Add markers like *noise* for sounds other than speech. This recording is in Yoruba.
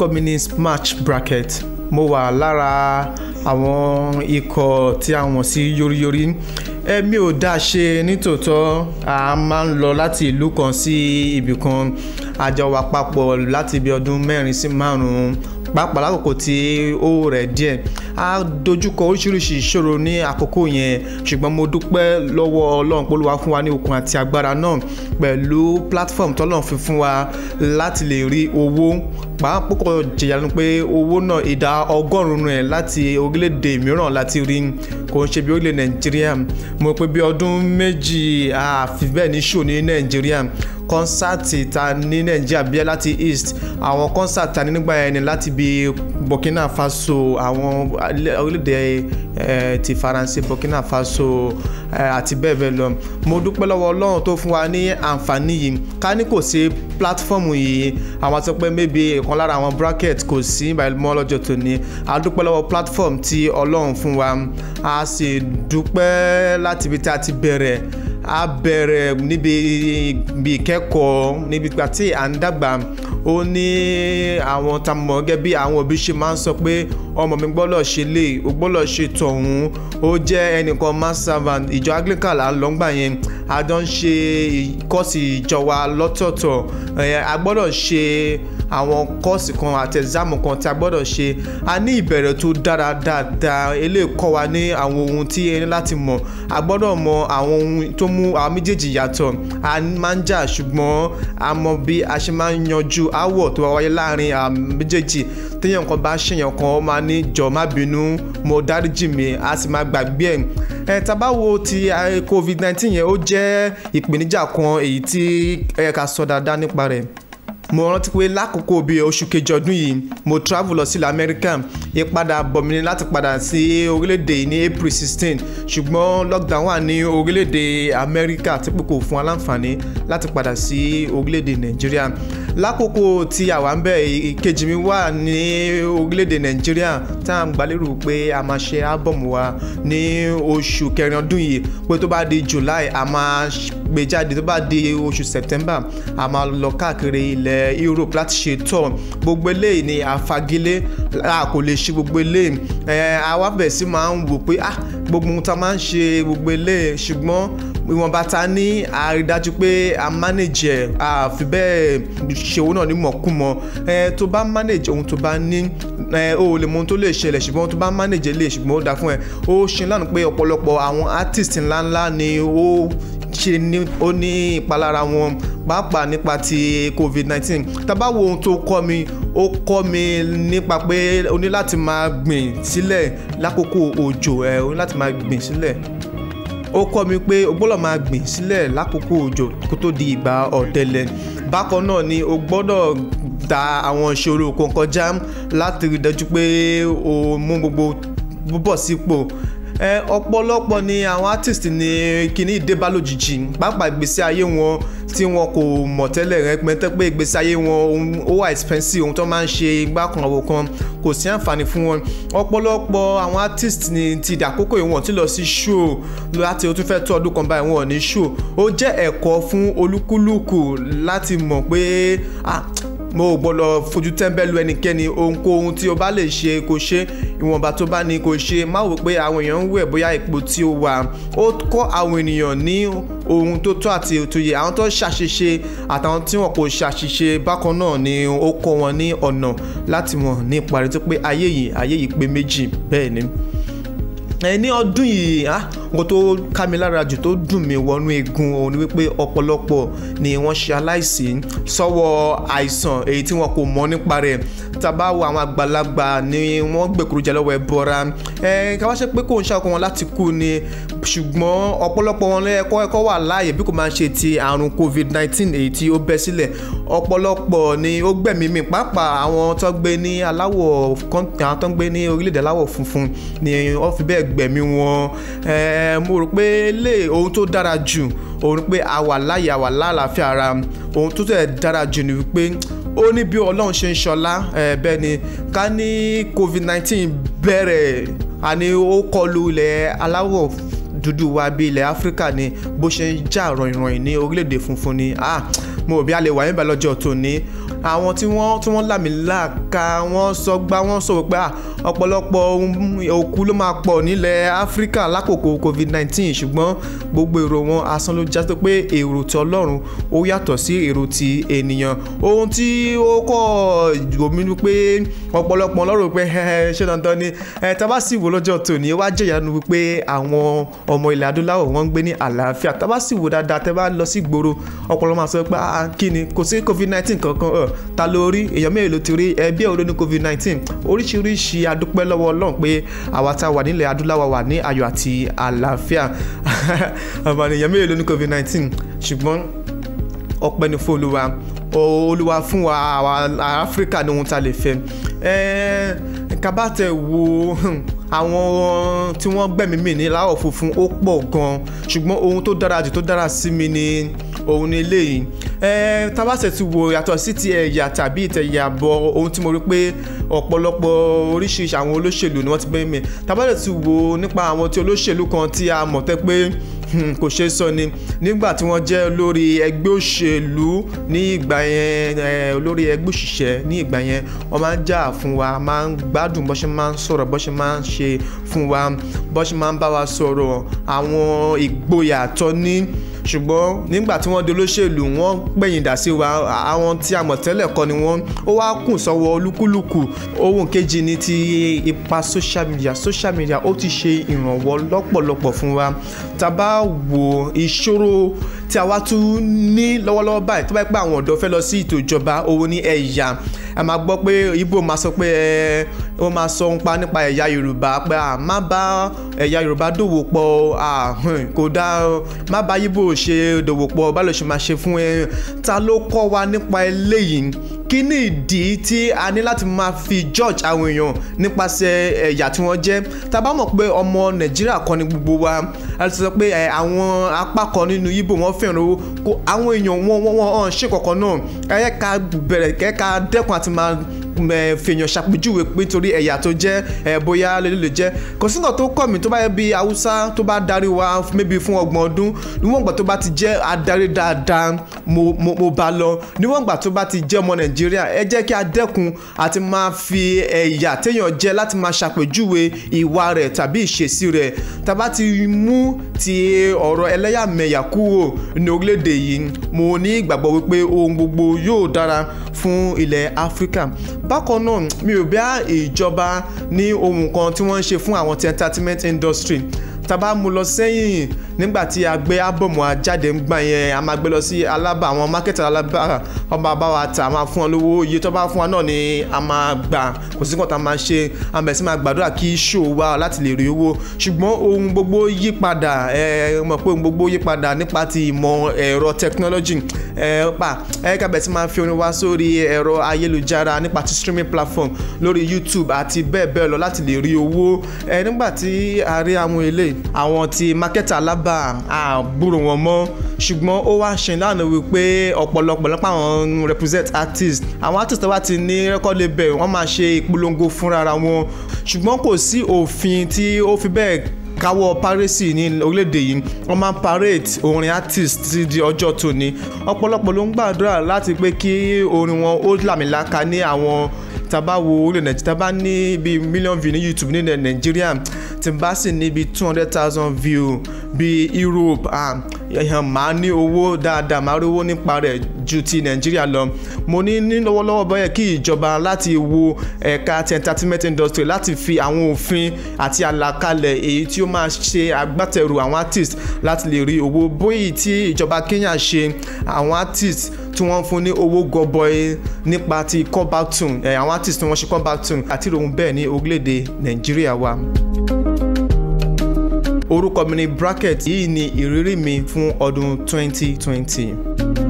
orúkọ mi ni Bracket mo wà lára àwọn ikọ̀ tí a wọ̀n sí yóríyórí ẹ̀mí ò dá ṣe nítòótọ́ a máa ń lọ láti ìlú kan sí ibì kan àjọ wà papọ̀ láti ibi ọdún mẹ́rin sí márùn-ún pàápàá lákòókò tí ó rẹ̀ díẹ̀ a dojúkọ oríṣiríṣi ìṣòro ní àkókò yẹn ṣùgbọ́n mo dúpẹ́ lọ́wọ́ ọlọ́run pé olúwa fún wa ní okun àti agbára náà pẹ̀lú platform tọ́lọ́run fi fún wa láti lè rí owó pàápàá kò jẹ̀yànú pé owó náà ìdá ọgọ́rùn-ún ẹ̀ láti orílẹ̀-èdè mìíràn láti rí kò ń ṣe bí orílẹ̀ nàìjíríà mo pé bí ọdún méjì àfi bẹ́ẹ̀ ní ṣò ní nàìjíríà kọ́nsáàtì ta ní nàìjíríà bíi láti east àwọn kọ́nsáàtì ta ní nígbà yẹn ni láti bi burkina faso àwọn orílẹ̀-èdè eh, ti faransé burkina faso eh, àti bẹ́ẹ̀ bẹ́ẹ̀ lọ mo dúpẹ́ lọ́wọ́ ọlọ́run tó fún wa ní àǹfààní yìí ká ní kò sí pílátífọ́ọ̀mù yìí àwọn àti pé maybe ìkan lára àwọn bracket kò sí ìbàlùmọ́ lọ́jọ́ tòní a dúpẹ́ lọ́wọ́ platform tí ọlọ́run fún wa a sì dúpẹ́ láti ibi tí a ti bẹ̀rẹ̀ a bẹ̀rẹ̀ níbi ibi ìkẹ́kọ̀ọ́ níbi ìgbà tí à ń dàgbà ó ní àwọn tamọ̀ gẹ́gẹ́ bí àwọn òbí ṣe máa ń sọ pé ọmọ mi gbọ́dọ̀ ṣe lè o gbọ́dọ̀ ṣe tọ̀hún ó jẹ́ ẹnìkan mass ìjọ anglican là ń lọ gbà yẹn a jọ ṣe kọ́ọ̀sì ìjọ wa lọ́tọ̀ọ̀tọ̀ a gbọ́dọ̀ ṣe àwọn kọ́ọ̀sì kan àti ẹ̀zámù kan tí a gbọ́dọ̀ ṣe a ní ìbẹ̀rẹ̀ tó dára dáadáa eléyìí kọ́ wa ní àwọn ohun tí ẹni láti mọ̀ a gbọ́dọ̀ mọ àwọn ohun tó mú àwọn méjèèjì yàtọ̀ a máa ń jà ṣùgbọ́n a mọ bí a ṣe máa ń yanjú áwọ̀ tó wáyé láàrin àwọn méjèèjì téèyàn kan bá ṣèyàn kan ó máa ní jọ má bínú mo dáríjì mi a sì máa gbàgbé ẹ̀ ẹ tá wo ti covid nineteen yẹn ó jẹ́ ìpèníjà kan èyí tí ẹ ká sọ dáadáa nípa rẹ̀ mo rántí pé lákòókò bíi oṣù kejì ọdún yìí mo travel lọ sí ilẹ̀ amẹ́ríkà ìpadà bọ̀ mí láti padà sí orílẹ̀-èdè ní april sixteen ṣùgbọ́n lockdown wà ní orílẹ̀-èdè amẹ́ríkà tí kò fún wa láǹfààní láti padà sí orílẹ̀-èdè nàìjíríà lákòókò tí àwa ń bẹ̀ ìkejì mi wà ní orílẹ̀-èdè nàìjíríà tá à ń gbàlérò pé a máa ṣe ábọ̀mù wa ní oṣù kẹrin ọdún yìí pé tó bá di july a máa gbé jáde tó bá di oṣù september a máa lọ káàkiri ilẹ̀ europe láti ṣe tour gbogbo eléyìí ni àfagilé a kò lè ṣe gbogbo eléyìí àwa bẹ̀rẹ̀ sí máa ń wò pé ah gbogbo ohun tá a máa ń ṣe gbogbo eléyìí ṣùgbọ́n ìwọ̀nba ta ní àrídájú pé a manage ẹ̀ àfi bẹ́ẹ̀ ṣòwò náà ní mọ̀kúmọ̀ ẹ tó bá manage ohun tó bá ní ẹ o lè mọ ohun tó lè ṣẹlẹ̀ ṣùgbọ́n tó bá manage lè ṣùgbọ́n ó dáa fún ẹ ó ṣe lánàá pé ọ̀pọ̀lọpọ̀ àwọn artist ńláńlá ni ó ṣe ni ó ní ìpalára wọn pàápàá nípa ti covid nineteen. tá bá wo ohun tó kọ́ mi ó kọ́ mi nípa pé o ní láti máa gbìn sílẹ̀ lákòókò òjò ẹ̀ o ní láti máa gbìn sílẹ̀ ó kọ́ mi pé o gbọ́dọ̀ máa gbìn sílẹ̀ lákòókò òjò kó tó di ìgbà ọ̀tẹlẹ̀ bákan náà ni o gbọ́dọ̀ da àwọn ìṣòro kọ̀ọ̀kan já láti dájú pé o mú gbogbo bọ̀ sípò ọ̀pọ̀lọpọ̀ ni àwọn artist ni kíní débá lójijì pàápàá ìgbésí ayé wọn tí wọn kò mọ̀ tẹ́lẹ̀ rẹ pẹ́ntẹ́ pé ìgbésí ayé wọn ó wà expensive ohun tó máa ń ṣe gbákan àwò kan kò sí àǹfààní fún wọn ọ̀pọ̀lọpọ̀ àwọn artist ni ti dàkókò ìwọ̀n tí lọ sí show láti o tún fẹ́ tó ọdún kan báyìí wọn ò ní show ó jẹ́ ẹ̀kọ́ fún olúkúlùkù láti mọ̀ pé ah mo ò gbọ́dọ̀ fojú tẹ́ńbẹ́lú ẹnikẹ́ni ohunkóhun tí o bá lè ṣe kó ṣe ìwọ̀nba tó bá ní kó ṣe má wò pé àwọn èèyàn ń wẹ̀ bóyá ipò tí o wà ó kọ́ àwọn ènìyàn ní ohun tó tọ́ àti tó àwọn tó ṣàṣìṣe àtàwọn tí wọn kò ṣàṣìṣe bákan náà ni ó kọ́ wọn ní ọ̀nà láti mọ̀ ní ìparí tó pé ayé yìí ayé yìí pé méjì bẹ́ẹ̀ ni. ẹ ní ọdún yìí ah, nǹkan tó ká mi lára jù tó dùn mí wọnú eegun òun ni wípé ọ̀pọ̀lọpọ̀ ni wọ́n ṣe aláìsí sọ́wọ́ àìsàn èyí tí wọn kò mọ̀ nípa rẹ̀ tàbá wo àwọn àgbàlagbà ni wọ́n gbèkúrú jẹ ẹbọra ẹ káwá ṣe pé kò ń ṣàkóso wọn láti kú ni ṣùgbọ́n ọ̀pọ̀lọpọ̀ wọn lẹ́ẹ̀kọ́ ẹ̀kọ́ wà láàyè bí kò máa ṣe ti àrùn covid-19 èyí tí ó bẹ́ sílẹ̀ ọ̀pọ̀lọpọ̀ ni ó gbẹ̀mí mi pàápàá àwọn tó gbé ní aláwọ̀ àwọn tó gbé ní orílẹ̀-èdè funfun ni wọ́n fi bẹ́ẹ̀ gbẹ̀mí wọn mo rò pé lè ohun tó dára jù òun pé àwa láyè ara ohun tó tẹ̀ dára jù ni wípé ó ní bí ọlọ́run ṣe ń ṣọlá bẹ́ẹ̀ ni ká ní covid nineteen bẹ̀rẹ̀ àní ó kọlu ilẹ̀ aláwọ̀ dúdú wa bí ilẹ̀ áfíríkà ni bó ṣe ń jà ràìnràìn ní orílẹ̀-èdè funfun ni ah mo ò bí a lè wà níbà lọ́jọ́ tòní àwọn tí wọ́n tí wọ́n làmìlàkà wọ́n sọ gbá wọ́n sọ pé ọ̀pọ̀lọpọ̀ òkú ló máa pọ̀ nílẹ̀ áfíríkà lákòókò covid-19 ṣùgbọ́n gbogbo èrò wọn asán ló já tó pé èrò ti ọlọ́run ó yàtọ̀ sí èrò ti ènìyàn ohun tí ó kọ́ ìgbòmí wípé ọ̀pọ̀lọpọ̀ ọlọ́run pé ṣé dandan ni tábà sì wò lọ́jọ́ tòní ó wá jẹ́ ìyanu wípé àwọn ọmọ ilẹ̀ adúláwọ̀ wọ́n ń gbé ní àlàáfíà tábà sì wò dáadáa tẹ́ bá lọ sí ìgboro ọ̀pọ̀lọpọ̀ máa sọ pé kí ni kò sí covid-19 kankan Lord ta ló rí èèyàn mélòó ló ti rí ẹbí ẹ̀ olóní covid nineteen oríṣiríṣi adúpẹ́ lọ́wọ́ Ọlọ́run pé àwa tá a wà nílẹ̀ adúláwà wà ní ayọ̀ àti àlàáfíà ọmọ *laughs* èèyàn mélòó ló ní covid nineteen ṣùgbọ́n ọpẹ́ ni fún Olúwa Olúwa fún wa àwa Áfíríkà ní ohun tá a lè fẹ́ kábàtẹ̀ wo *laughs* àwọn tí wọ́n gbẹ̀mí mi ní láwọ̀ funfun ó pọ̀ gan-an ṣùgbọ́n ohun tó dára jù tó dára sí mi ni òun ni eléyìí tabasẹ̀ ti wo yàtọ̀ sí ti ẹ̀yà tàbí ìtẹ̀yàbọ̀ ohun tí mo rí pé ọ̀pọ̀lọpọ̀ oríṣiríṣi àwọn olóṣèlú ni wọ́n ti bẹ́ẹ̀ mi tabasẹ̀ ti wo nípa àwọn ti olóṣèlú kan tí a mọ̀ tẹ́ pé hmm, kò ṣe é sọ ni nígbà tí wọ́n jẹ́ olórí ẹgbẹ́ òṣèlú ní ìgbà yẹn olórí ẹgbẹ́ òṣìṣẹ́ ní ìgbà yẹn wọ́n máa ń jà fún wa máa ń gbádùn bó ṣe máa ń sọ̀rọ̀ bó máa ń ṣe fún wa bó máa ń bá wa sọ̀rọ̀ àwọn ìgboyà tó ní ṣùgbọ́n nígbà tí wọ́n di olóṣèlú wọ́n gbẹ̀yìn dà sí wa àwọn tí a mọ̀ tẹ́lẹ̀ kọ́ ni wọ́n ó wá kùn sọ́wọ́ olúkúlùkù ohun kejì ni ti ipa social media social media ó ti ṣe ìrànwọ́ lọ́pọ̀lọpọ̀ fún wa tá a bá wo ìṣòro tí a wá tún ní lọ́wọ́lọ́wọ́ báyìí tó bá pẹ́ àwọn ọ̀dọ́ fẹ́ lọ sí ètò òun ní ẹ̀yà ẹ máa gbọ́ pé Ìgbò máa sọ pé ẹ wọ́n máa sọ nípa nípa ẹ̀yà Yorùbá pé à má bá ẹ̀yà Yorùbá dòwò pọ̀ à kò dá má bá Ìgbò ṣe dòwò pọ̀ bá lè ṣe máa ṣe fún ẹ ta ló kọ́ wa nípa eléyìí kí ni ìdí tí a ní láti máa fi George àwọn èèyàn nípasẹ̀ ẹ̀yà tí wọ́n jẹ́ tá a bá mọ̀ pé ọmọ Nàìjíríà kan ni gbogbo wa a ti sọ pé àwọn apá kan nínú Yíbò wọ́n fẹ́ràn owó kó àwọn èèyàn wọn wọn wọn ṣe kọ̀ọ̀kan náà ẹ̀ka bẹ̀rẹ̀ kẹ́ka dẹ́kun àti máa fìyàn ṣàpèjúwe pé nítorí ẹ̀yà tó jẹ́ bóyá lè jẹ́ kò sí tó kọ́ mi tó bá yẹ bí haúsá tó bá darí wa maybe fún ọgbọ̀n ọdún níwọ̀n ìgbà tó bá ti jẹ́ adarí dáadáa mo mo mo bá lọ níwọ̀n ìgbà tó bá ti jẹ́ ọmọ nàìjíríà ẹ jẹ́ kí a dẹ́kun àti máa fi ẹ̀yà téèyàn jẹ́ láti máa ṣàpèjúwe ìwà rẹ̀ tàbí ìṣesí rẹ̀ tàbá ti mú ti ọ̀rọ̀ ẹlẹ́yàmẹ̀yà kúrò ní orílẹ̀-èdè yìí mo ní ìgbàgbọ́ wípé ohun gbogbo yóò dára fún ilẹ̀ áfíríkà bákan náà mi ò bá ìjọba ní ohun kan tí wọ́n ń ṣe fún àwọn ti entertainment industry tá a bá mú lọ sẹ́yìn nígbà tí a gbé ń gbà yẹn a máa gbé lọ sí alábà àwọn mákẹ́tà alábà ọba bá wa tà máa fún wọn lówó iye tó bá fún wa náà ni a máa gbà kò sí kọ́ta máa ṣe àmọ̀ ẹ̀sìn máa gbàdúrà kí ṣó wa láti lè rí owó ṣùgbọ́n ohun gbogbo yí padà ẹ mọ̀ pé ohun gbogbo yí padà nípa ti ìmọ̀ ẹ̀rọ technology ẹ pa ẹ kábẹ̀ tí máa fi orin wá sórí ẹ̀rọ ayélujára nípa ti streaming platform lórí YouTube àti bẹ́ẹ̀ bẹ́ẹ̀ lọ láti lè rí owó ẹ nígbà a rí àwọn eléyìí àwọn ti mákẹ́tà alábà sábà àgbúrò wọn mọ́ ṣùgbọ́n ó wá ṣe lánàá wípé ọ̀pọ̀lọpọ̀ lọ́pọ̀ àwọn represent artist àwọn artist wa ti ní record label wọ́n máa ṣe ìpolongo fúnra wọn ṣùgbọ́n kò sí òfin tí ó fi bẹ́ẹ̀ káwọ́ parisi ní orílẹ̀-èdè yìí wọ́n máa ń parade orin artist ti di ọjọ́ tòní ọ̀pọ̀lọpọ̀ ló ń gbàdúrà láti pé kí orin wọn ó làmìlaka ní àwọn taba wo orílẹ̀ nàìjíríà taba ní bíi million view ní youtube nílẹ̀ nàìjíríà tí n bá sì ní bíi two hundred thousand view bíi europe. Uh, ẹ̀hàn máa ní owó dáadáa máa rówó nípa rẹ̀ ju ti nàìjíríà lọ mo ní ní lọ́wọ́lọ́wọ́ bọ́yẹ kí ìjọba láti wo ẹ̀ka ti entertainment industry láti fi àwọn òfin àti àlàkalẹ̀ èyí tí ó máa ṣe agbátẹrù àwọn artist láti lè rí owó bóyì tí ìjọba kenya ṣe àwọn artist tí wọ́n fún ní owó gọbọi nípa ti comeback tune eh, àwọn artist tí wọ́n ṣe comeback tune àti ìròhùn bẹ́ẹ̀ ní orílẹ̀-èdè nàìjíríà wa orúkọ mi ni bracket yìí ni ìrírí mi fún ọdún 2020.